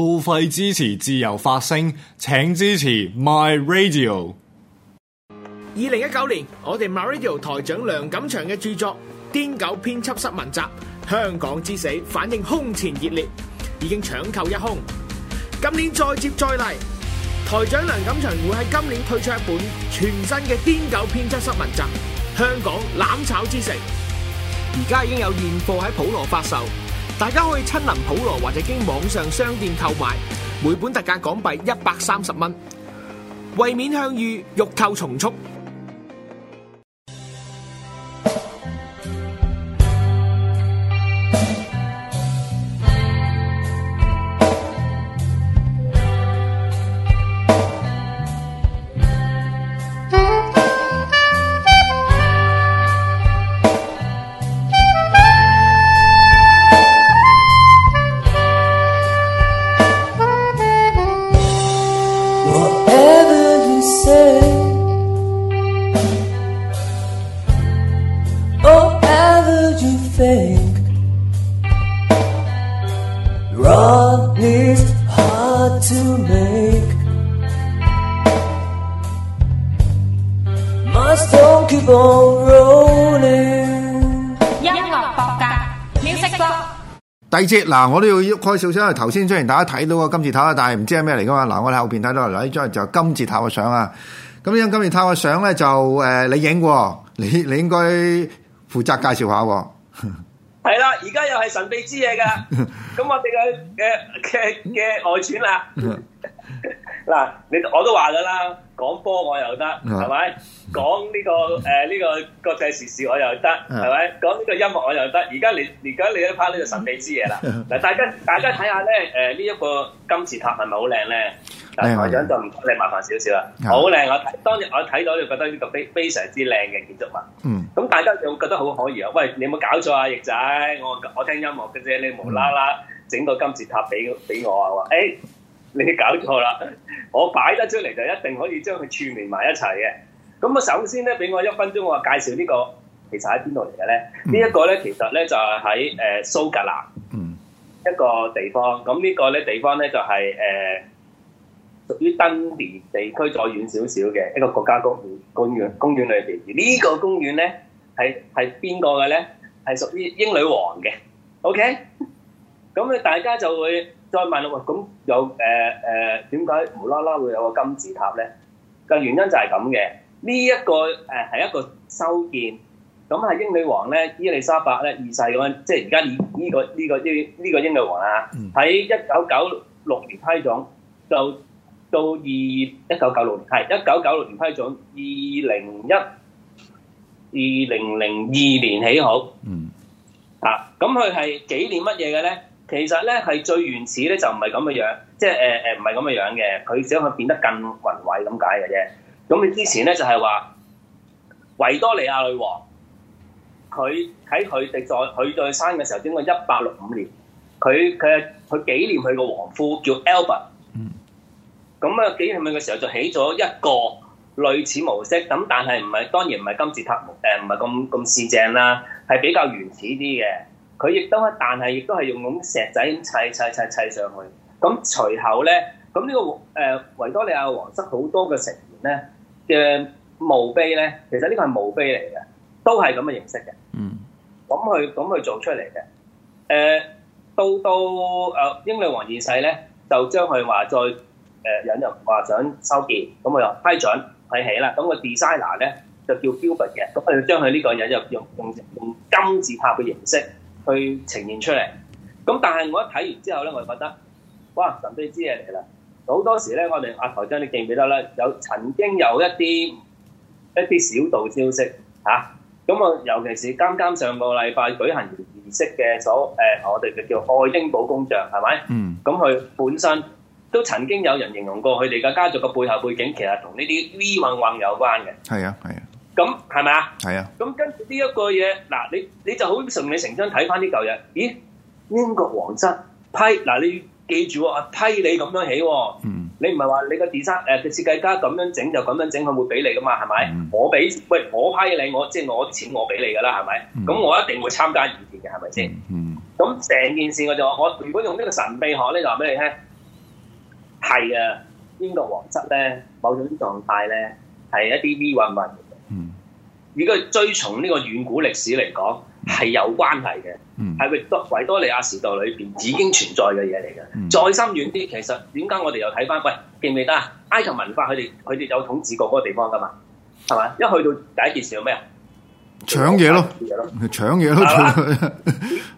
付費支持自由發聲，請支持 My Radio。二零一九年，我哋 My Radio 台長梁錦祥嘅著作《癲狗編輯室文集》香港之死反應空前熱烈，已經搶購一空。今年再接再厲，台長梁錦祥會喺今年推出一本全新嘅《癲狗編輯室文集》香港攬炒之城，而家已經有現貨喺普羅發售。大家可以親臨普羅或者經網上商店購買，每本特價港幣一百三十蚊，為免向隅欲購從速。第二節嗱，我都要喐開少少。頭先雖然大家睇到個金字塔啦，但係唔知係咩嚟噶嘛。嗱，我哋後邊睇到嗱，呢張就是、金字塔嘅相啊。咁樣金字塔嘅相咧就誒、呃，你影你你應該負責介紹下。係啦，而家又係神秘之夜噶。咁我哋嘅嘅嘅嘅外傳啦。嗱，你 我都話咗啦，講波我又得，係咪？講 呢樂、這個誒呢、呃這個國際時事我又得，係咪？講呢個音樂我又得。而家你而家你一拍呢個神秘之嘢啦。嗱， 大家大家睇下咧，誒呢一個金字塔係咪好靚咧？係我長就唔講、啊、你麻煩少少啦，好靚！ 我當日我睇到就覺得呢個非非常之靚嘅建築物。 嗯。咁大家就會覺得好可疑啊！喂，你有冇搞錯啊？翼仔，我我，我聽音樂嘅啫，你無啦啦整個金字塔俾俾我啊？話、欸、誒。你搞錯啦！我擺得出嚟就一定可以將佢串聯埋一齊嘅。咁啊，首先咧，俾我一分鐘，我介紹呢個其實喺邊度嚟嘅咧？呢一個咧，其實咧、嗯、就係喺誒蘇格蘭一個地方。咁呢個咧地方咧就係、誒、呃、屬於登地地區再遠少少嘅一個國家公園公園公園裏邊。呢個公園咧係係邊個嘅咧？係屬於英女王嘅。OK，咁你大家就會。再問啦，喂，咁有誒誒點解無啦啦會有個金字塔咧？個原因就係咁嘅。呢一個誒係一個修建，咁係英女王咧，伊麗莎白咧二世咁樣，即係而家呢個呢個呢呢個英女王啊。喺一九九六年批準，就到二一九九六年，係一九九六年批準，二零一二零零二年起好。嗯。啊，咁佢係紀念乜嘢嘅咧？其實咧係最原始咧就唔係咁嘅樣，即係誒誒唔係咁嘅樣嘅，佢只係佢變得更宏偉咁解嘅啫。咁你之前咧就係、是、話維多利亞女王，佢喺佢哋在佢在生嘅時候，經過一八六五年，佢佢佢紀念佢個皇夫叫 Albert。嗯。咁啊紀念佢嘅時候就起咗一個類似模式，咁但係唔係當然唔係金字塔誒，唔係咁咁似正啦，係比較原始啲嘅。佢亦都啊，但係亦都係用啲石仔砌砌砌砌上去。咁隨後咧，咁呢個誒、呃、維多利亞皇室好多嘅成員咧嘅墓碑咧，其實呢個係墓碑嚟嘅，都係咁嘅形式嘅。嗯、mm.，咁佢咁佢做出嚟嘅。誒，到到誒英女王二世咧，就將佢話再誒引入話想修建，咁佢又批准睇起啦。咁個 designer 咧就叫 Gilbert 嘅，咁佢就將佢呢個引入用用金字塔嘅形式。去呈現出嚟，咁但係我一睇完之後咧，我就覺得，哇！神秘之嘢嚟啦！好多時咧，我哋阿台長你記唔記得咧？有曾經有一啲一啲小道消息嚇，咁、啊、我尤其是啱啱上個禮拜舉行完儀式嘅所誒、呃，我哋嘅叫愛丁堡公爵，係咪？嗯，咁佢本身都曾經有人形容過佢哋嘅家族嘅背後背景，其實同呢啲 V 運運有關嘅。係啊，係啊。咁係咪啊？係啊！咁跟住呢一個嘢，嗱你你就好順理成章睇翻啲舊嘢。咦？英國皇室批嗱，你記住啊，批你咁樣起、哦，嗯，你唔係話你個 design 誒個設計家咁樣整就咁樣整，佢會俾你噶嘛，係咪？嗯、我俾，喂，我批你，我即係我錢我俾你噶啦，係咪？咁我一定會參加意見嘅，係咪先？咁成、嗯嗯嗯、件事我就話我如果用呢個神秘學咧，就話俾你聽，係啊，英國皇室咧某種狀態咧係一啲暈暈。如果追從呢個遠古歷史嚟講，係有關係嘅，係維多維多利亞時代裏邊已經存在嘅嘢嚟嘅。嗯、再深遠啲，其實點解我哋又睇翻？喂，記唔記得啊？埃及文化佢哋佢哋有統治過嗰個地方㗎嘛？係咪？一去到第一件事有咩啊？搶嘢咯！好搶嘢咯！搶嘢咯！係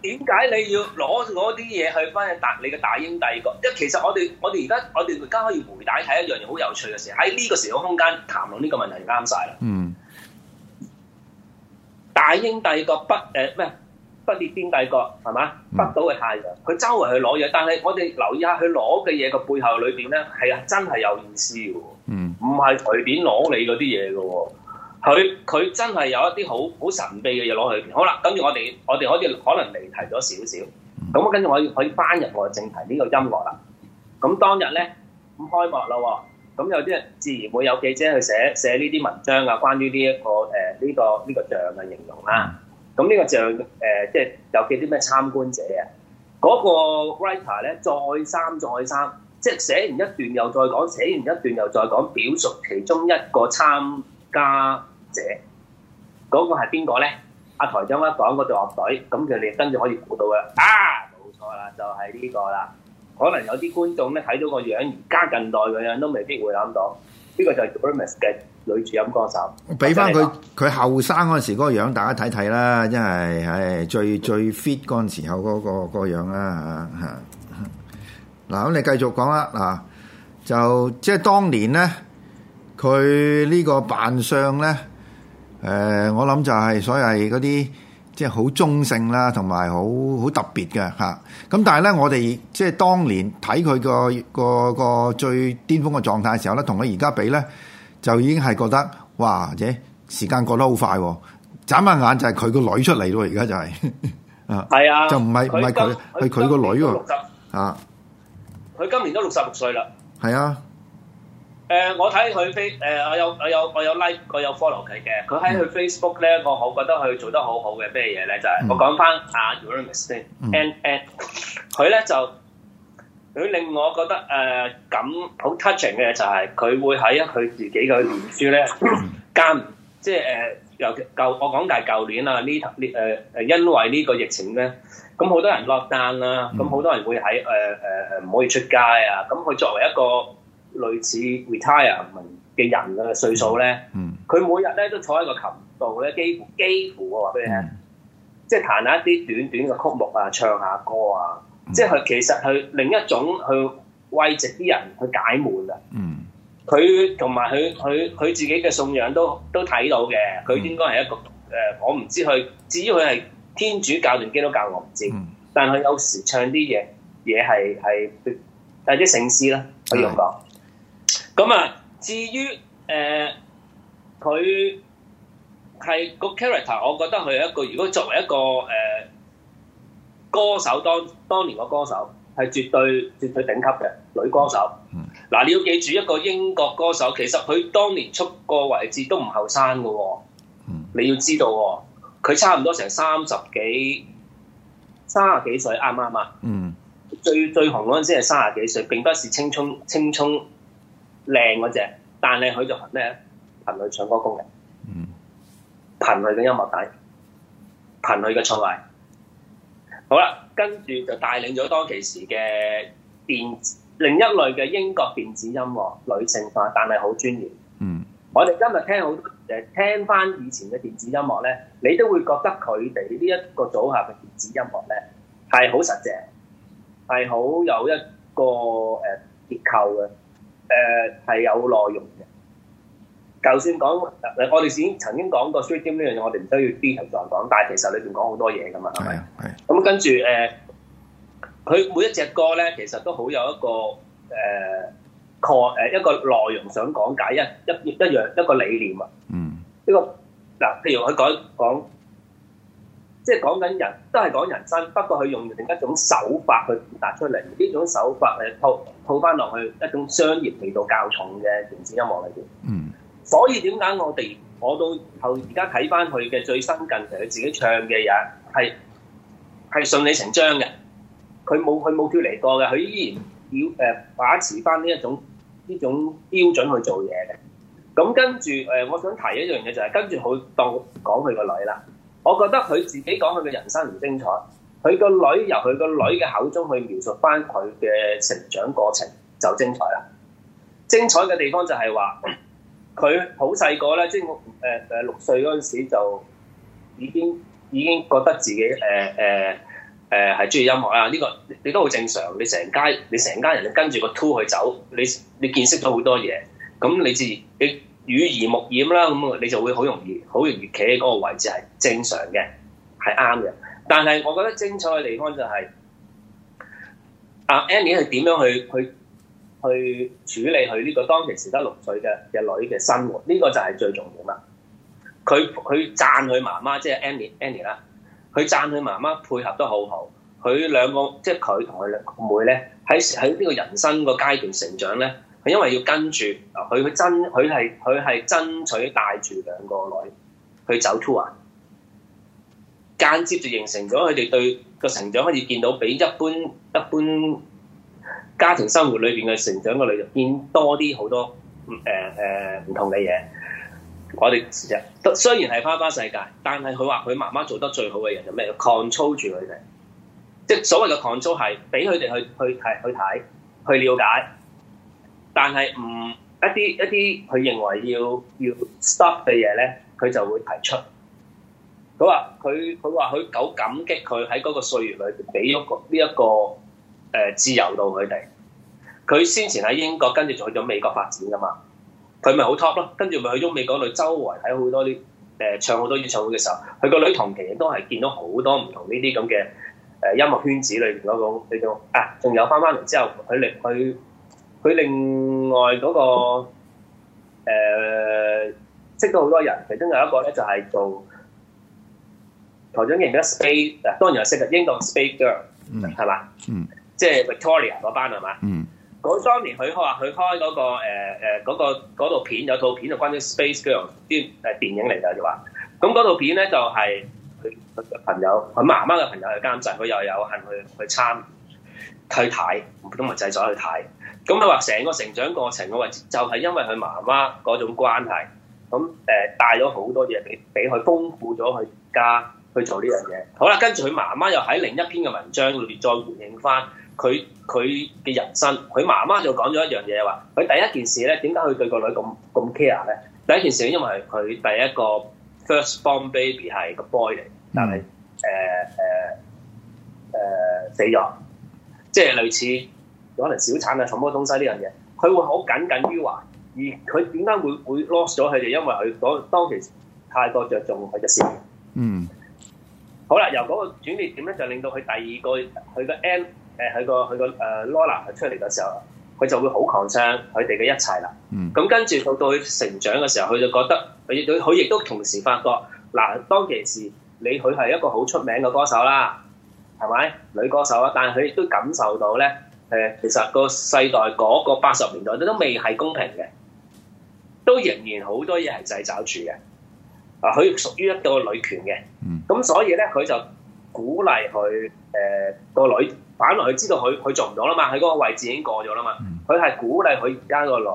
點解你要攞攞啲嘢去翻去搭你嘅大英帝國？因為其實我哋我哋而家我哋而家可以回帶睇一樣嘢好有趣嘅事，喺呢個時候，空間談論呢個問題啱晒啦。嗯。大英帝國、呃、北誒咩不列顛帝國係嘛，北島嘅太陽，佢周圍去攞嘢，但係我哋留意下佢攞嘅嘢個背後裏邊咧係真係有意思嘅，唔係隨便攞你嗰啲嘢嘅，佢佢真係有一啲好好神秘嘅嘢攞去。裏好啦，跟住我哋我哋可以可能離題咗少少，咁啊跟住我可以翻入我嘅正題呢個音樂啦。咁當日咧咁開幕啦喎、哦。咁有啲人自然會有記者去寫寫呢啲文章啊，關於呢、這、一個誒呢、呃這個呢、這個像嘅形容啦、啊。咁呢個像誒、呃，即係有幾啲咩參觀者啊？嗰、那個 writer 咧，再三再三，即係寫完一段又再講，寫完一段又再講，表述其中一個參加者嗰、那個係邊個咧？阿、啊、台長一講嗰隊樂隊，咁佢哋跟住可以估到嘅啊，冇錯啦，就係、是、呢個啦。可能有啲觀眾咧睇到個樣，而家近代個樣都未必會諗到，呢個就係 Bromance 嘅女主音歌手。俾翻佢佢後生嗰陣時嗰個樣，大家睇睇啦，真係係最最 fit 嗰陣時候嗰個個樣啦嚇。嗱咁，你繼續講啦嗱，就即係當年咧，佢呢個扮相咧，誒，我諗就係所謂嗰啲。即係好中性啦，同埋好好特別嘅吓。咁、啊、但係咧，我哋即係當年睇佢個個個最巔峰嘅狀態嘅時候咧，同佢而家比咧，就已經係覺得哇！嘅時間過得好快喎、啊，眨下眼就係佢個女出嚟咯。而家就係、係、啊，係啊，就唔係唔係佢，係佢個女喎啊！佢今年都六十六歲啦，係啊。誒，uh, 我睇佢 Face，誒、呃，我有我有我有 like，我有 follow 佢嘅。佢喺佢 Facebook 咧，我好覺得佢做得好好嘅咩嘢咧，就係、是、我講翻啊 and and 佢咧就佢令我覺得誒、呃、感好 touching 嘅就係、是、佢會喺佢自己嘅面書咧間，即係誒尤其舊我講大舊年啦，呢呢誒誒因為呢個疫情咧，咁好多人落單啦，咁好多人會喺誒誒誒唔可以出街啊，咁佢作為一個，類似 retirement 嘅人嘅歲數咧，佢、嗯、每日咧都坐喺個琴度咧，幾乎幾乎我話俾你聽，嗯、即係彈下一啲短短嘅曲目啊，唱下歌啊，即係其實佢另一種去慰藉啲人去解悶啊。佢同埋佢佢佢自己嘅信仰都都睇到嘅，佢應該係一個誒、呃，我唔知佢至於佢係天主教定基督教，教，我唔知，嗯、但佢有時唱啲嘢嘢係係誒啲聖詩啦，可以咁講。是咁啊！至於誒佢係個 character，我覺得佢係一個如果作為一個誒、呃、歌手當當年個歌手係絕對絕對頂級嘅女歌手。嗱、嗯，你要記住一個英國歌手，其實佢當年出個位置都唔後生㗎喎。嗯、你要知道喎、哦，佢差唔多成三十幾、三十幾歲，啱唔啱啊？嗯，最最紅嗰陣時係三十幾歲，並不是青春青春。靚嗰隻，但係佢就憑咩咧？憑佢唱歌功嘅，嗯，憑佢嘅音樂底，憑佢嘅唱藝。好啦，跟住就帶領咗當其時嘅電子，另一類嘅英國電子音樂女性化，但係好專業。嗯，我哋今日聽好誒，聽翻以前嘅電子音樂咧，你都會覺得佢哋呢一個組合嘅電子音樂咧，係好實淨，係好有一個誒結構嘅。誒，係、呃、有內容嘅。就算講，我哋先曾經講過 s t r a i d 呢樣嘢，我哋唔需要 detail 再講。但係其實裏邊講好多嘢噶嘛，係咪、啊？係、啊。咁、嗯、跟住誒，佢、呃、每一隻歌咧，其實都好有一個誒 c 誒，一個內容想講解一一一樣一個理念啊。嗯。呢個嗱，譬、呃、如佢講講。即係講緊人，都係講人生，不過佢用另一種手法去表達出嚟，呢種手法係套套翻落去一種商業味道較重嘅電子音樂裏邊。嗯。所以點解我哋我到後而家睇翻佢嘅最新近期佢自己唱嘅嘢，係係順理成章嘅。佢冇佢冇脫離過嘅，佢依然要誒、呃、把持翻呢一種呢種標準去做嘢嘅。咁跟住誒，我想提一樣嘢就係、是、跟住佢當講佢個女啦。我覺得佢自己講佢嘅人生唔精彩，佢個女由佢個女嘅口中去描述翻佢嘅成長過程就精彩啦。精彩嘅地方就係話，佢好細個咧，即係誒誒六歲嗰陣時就已經已經覺得自己誒誒誒係中意音樂啊！呢個你都好正常，你成街你成家人跟住個 two 去走，你你見識咗好多嘢，咁你自然你。耳濡目染啦，咁你就會好容易，好容易企喺嗰個位置係正常嘅，係啱嘅。但係我覺得精彩嘅地方就係、是、阿、啊、Annie 係點樣去去去處理佢呢個當其時得六歲嘅嘅女嘅生活，呢、這個就係最重點啦。佢佢讚佢媽媽，即係 An Annie Annie 啦。佢讚佢媽媽配合得好好。佢兩個即係佢同佢妹咧，喺喺呢個人生個階段成長咧。係因為要跟住，佢佢爭，佢係佢係爭取帶住兩個女去走 tour，間接就形成咗佢哋對個成長開始見到比一般一般家庭生活裏邊嘅成長嘅女，見多啲好多，唔誒誒唔同嘅嘢。我哋其實雖然係花花世界，但係佢話佢媽媽做得最好嘅人就咩？要 control 住佢哋，即係所謂嘅 control 係俾佢哋去去睇去睇去，去了解。但係唔、嗯、一啲一啲，佢認為要要 stop 嘅嘢咧，佢就會提出。佢話佢佢話佢好感激佢喺嗰個歲月裏俾咗個呢一個誒自由到佢哋。佢先前喺英國，跟住就去咗美國發展㗎嘛。佢咪好 top 咯，跟住咪去咗美國嗰度周圍睇好多啲誒、呃、唱好多演唱會嘅時候，佢個女同期都係見到好多唔同呢啲咁嘅誒音樂圈子裏邊嗰種嗰種啊，仲有返返嚟之後，佢嚟佢。佢另外嗰、那個誒、呃、識到好多人，其中有一個咧就係做頭先講咗 space，當然係識個英國 space girl，係嘛？嗯，即係 Victoria 嗰班係嘛？嗯，咁、當年佢開話佢開嗰、那個誒誒嗰套片，有套片就關於 space girl 啲誒電影嚟㗎，就話咁嗰套片咧就係佢朋友，佢媽媽嘅朋友去監製，佢又有，有幸去去參。去睇，咁咪製造去睇。咁佢話成個成長過程嘅話，就係因為佢媽媽嗰種關係，咁誒帶咗好多嘢俾俾佢，豐富咗佢，而家去做呢樣嘢。好啦，跟住佢媽媽又喺另一篇嘅文章裏邊再回應翻佢佢嘅人生。佢媽媽就講咗一樣嘢話，佢第一件事咧，點解佢對個女咁咁 care 咧？第一件事因為佢第一個 first born baby 係個 boy 嚟，但係誒誒誒死咗。即係類似可能小產啊什麼東西呢樣嘢，佢會好耿耿於懷。而佢點解會會 loss 咗佢哋？因為佢嗰當其時太過着重佢嘅事業。嗯。好啦，由嗰個轉捩點咧，就令到佢第二個佢個 M，誒佢個佢個誒 Lola 出嚟嘅時候，佢就會好擴張佢哋嘅一切啦。嗯。咁跟住到到佢成長嘅時候，佢就覺得佢佢佢亦都同時發覺嗱，當其時你佢係一個好出名嘅歌手啦。係咪女歌手啊？但係佢亦都感受到咧，誒，其實個世代嗰個八十年代都未係公平嘅，都仍然好多嘢係掣肘住嘅。啊，佢屬於一個女權嘅，咁所以咧，佢就鼓勵佢，誒、呃，個女反落去，知道佢佢做唔到啦嘛，喺嗰個位置已經過咗啦嘛，佢係鼓勵佢而家個女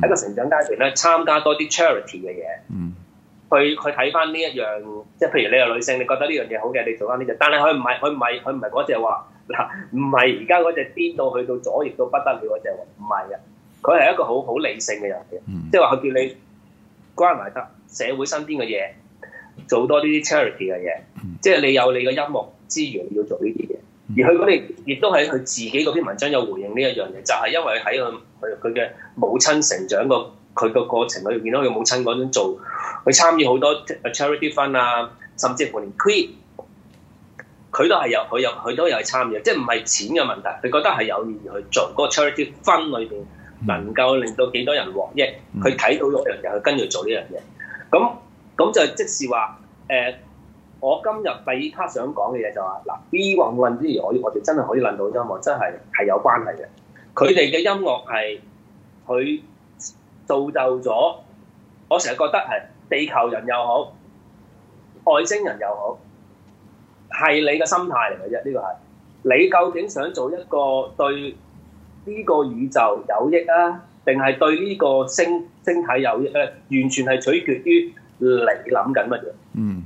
喺個成長階段咧，參加多啲 charity 嘅嘢。嗯嗯嗯佢佢睇翻呢一樣，即係譬如你係女性，你覺得呢樣嘢好嘅，你做翻呢隻。但係佢唔係，佢唔係，佢唔係嗰隻話嗱，唔係而家嗰隻癲到去到咗，亦都不得了嗰隻。唔係啊，佢係一個好好理性嘅人嚟，嗯、即係話佢叫你關埋得社會身邊嘅嘢，做多啲啲 charity 嘅嘢。嗯、即係你有你嘅音樂資源，你要做呢啲嘢。而佢佢亦都喺佢自己嗰篇文章有回應呢一樣嘢，就係、係、因為喺佢佢佢嘅母親成長個。佢個過程裏邊，都佢母親嗰種做，佢參與好多 charity fund 啊，甚至乎連 Queen，佢都係有，佢有，佢都有去參與，即係唔係錢嘅問題，佢覺得係有意義去做。嗰、那個 charity fund 裏邊，能夠令到幾多人獲益，佢睇、嗯、到呢、嗯、樣嘢，佢跟住做呢樣嘢。咁咁就即是話，誒、呃，我今日第二 part 想講嘅嘢就話、是，嗱，B 混混之嘢，我我哋真係可以諗到音樂，真係係有關係嘅。佢哋嘅音樂係佢。造就咗，我成日覺得係地球人又好，外星人又好，係你嘅心態嚟嘅啫。呢、這個係你究竟想做一個對呢個宇宙有益啊，定係對呢個星星體有益咧、呃？完全係取決於、嗯就是、你諗緊乜嘢。嗯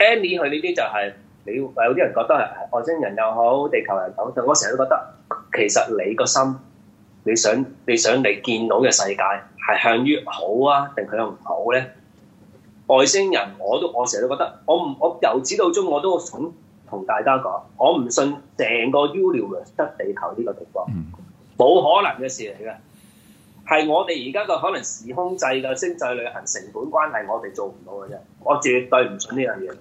Annie 佢呢啲就係你有啲人覺得係外星人又好，地球人又好。但我成日都覺得其實你個心。你想你想你見到嘅世界係向於好啊，定向唔好咧？外星人我都我成日都覺得，我唔我由始到終我都想同大家講，我唔信成個 universe 得地球呢個地方，冇可能嘅事嚟嘅，係我哋而家嘅可能時空制嘅星際旅行成本關係，我哋做唔到嘅啫。我絕對唔信呢樣嘢，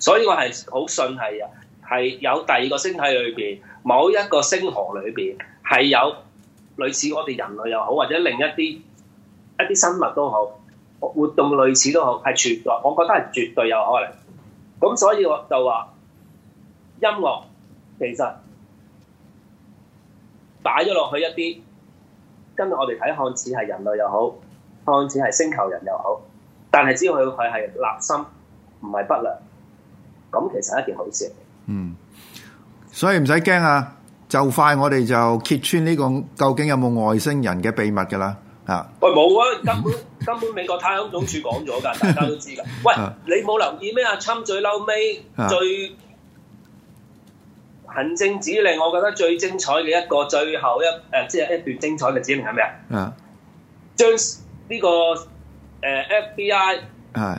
所以我係好信係係有第二個星體裏邊，某一個星河裏邊係有。類似我哋人類又好，或者另一啲一啲生物都好，活動類似都好，係絕對，我覺得係絕對有可能。咁所以我就話，音樂其實擺咗落去一啲，跟住我哋睇看，看，看似係人類又好，看似係星球人又好，但係只要佢佢係立心唔係不，不良，咁其實係一件好事。嗯，所以唔使驚啊！就快，我哋就揭穿呢、這個究竟有冇外星人嘅秘密噶啦，吓！喂，冇啊，根本根本美國太空總署講咗噶，大家都知噶。喂，你冇留意咩？阿侵最嬲尾、啊、最行政指令，我覺得最精彩嘅一個，最後一誒，即、呃、係一段精彩嘅指令係咩啊？嗯、這個，將呢個誒 FBI 係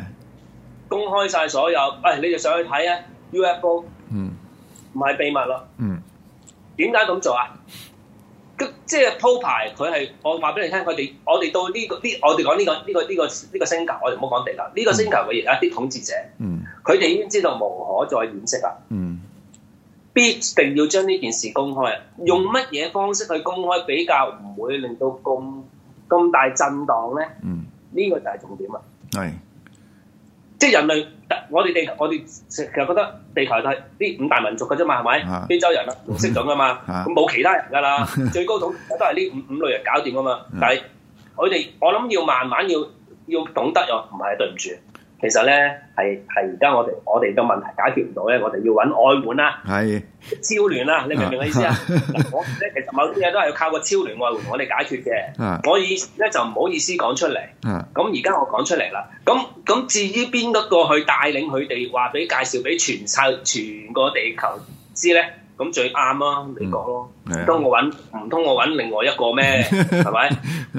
公開晒所有，誒、哎，你就上去睇啊 UFO，嗯，唔係秘密咯，嗯。點解咁做啊？即係鋪排佢係，我話俾你聽，佢哋我哋到呢個呢，我哋講呢個呢個呢個呢個星球，我哋唔好講地球呢個星球嘅一啲統治者，嗯，佢哋已經知道無可再掩飾啦，嗯，必定要將呢件事公開，用乜嘢方式去公開，比較唔會令到咁咁大震盪咧，嗯，呢個就係重點啦，係是，即係人類。我哋地球，我哋其實覺得地球都係呢五大民族嘅啫嘛，係咪？非洲人啊，唔識講噶嘛，咁冇 其他人噶啦，最高總體都係呢五五類人搞掂啊嘛。 但係佢哋我諗要慢慢要要懂得哦，唔係對唔住。其實咧係係而家我哋我哋個問題解決唔到咧，我哋要揾外援啦、啊，係 超聯啦、啊，你明唔明我, 我,我,我意思啊？我咧其實某啲嘢都係要靠個超聯外援我哋解決嘅。我以前咧就唔好意思講出嚟。咁而家我講出嚟啦。咁咁至於邊一個去帶領佢哋，話俾介紹俾全世全個地球知咧？咁最啱咯、啊，你講咯、啊，通、嗯、我揾唔通我揾另外一個咩？係咪？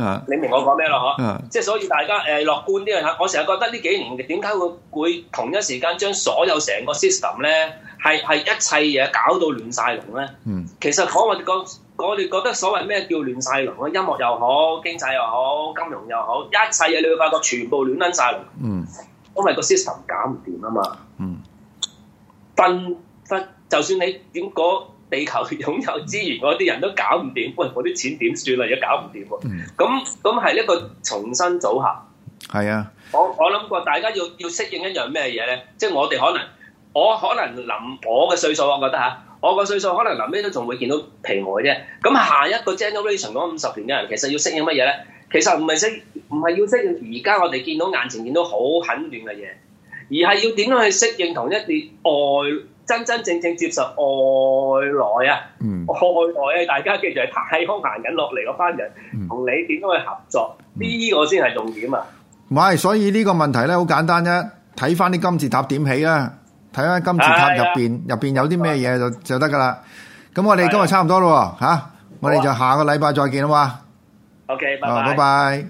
你明我講咩啦？嗬， 即係所以大家誒、呃、樂觀啲啊！我成日覺得呢幾年點解會會同一時間將所有成個 system 咧係係一切嘢搞到亂晒龍咧？嗯，其實我我哋覺我哋覺得所謂咩叫亂晒龍咧？音樂又好，經濟又好，金融又好，一切嘢你會發覺全部亂撚晒龍。嗯，因為個 system 搞唔掂啊嘛。嗯，崩崩。就算你點嗰、那個、地球擁有資源嗰啲人都搞唔掂，喂、哎，嗰啲錢點算啊？而家搞唔掂喎，咁咁係一個重新組合。係啊、嗯，我我諗過，大家要要適應一樣咩嘢咧？啊、即係我哋可能，我可能臨我嘅歲數，我覺得嚇、啊，我嘅歲數可能臨尾都仲會見到皮外啫。咁下一個 generation 講五十年嘅人，其實要適應乜嘢咧？其實唔係適唔係要適應而家我哋見到眼前見到好很短嘅嘢，而係要點樣去適應同一啲外。真真正正接受外來啊，嗯、外來啊！大家記住係太空行緊落嚟嗰班人，同、嗯、你點樣去合作？呢、嗯、個先係重點啊！唔係，所以呢個問題咧好簡單啫，睇翻啲金字塔點起啊，睇翻金字塔入邊入邊有啲咩嘢就就得噶啦。咁、啊、我哋今日差唔多咯，吓，我哋就下個禮拜再見啊嘛。OK，拜拜。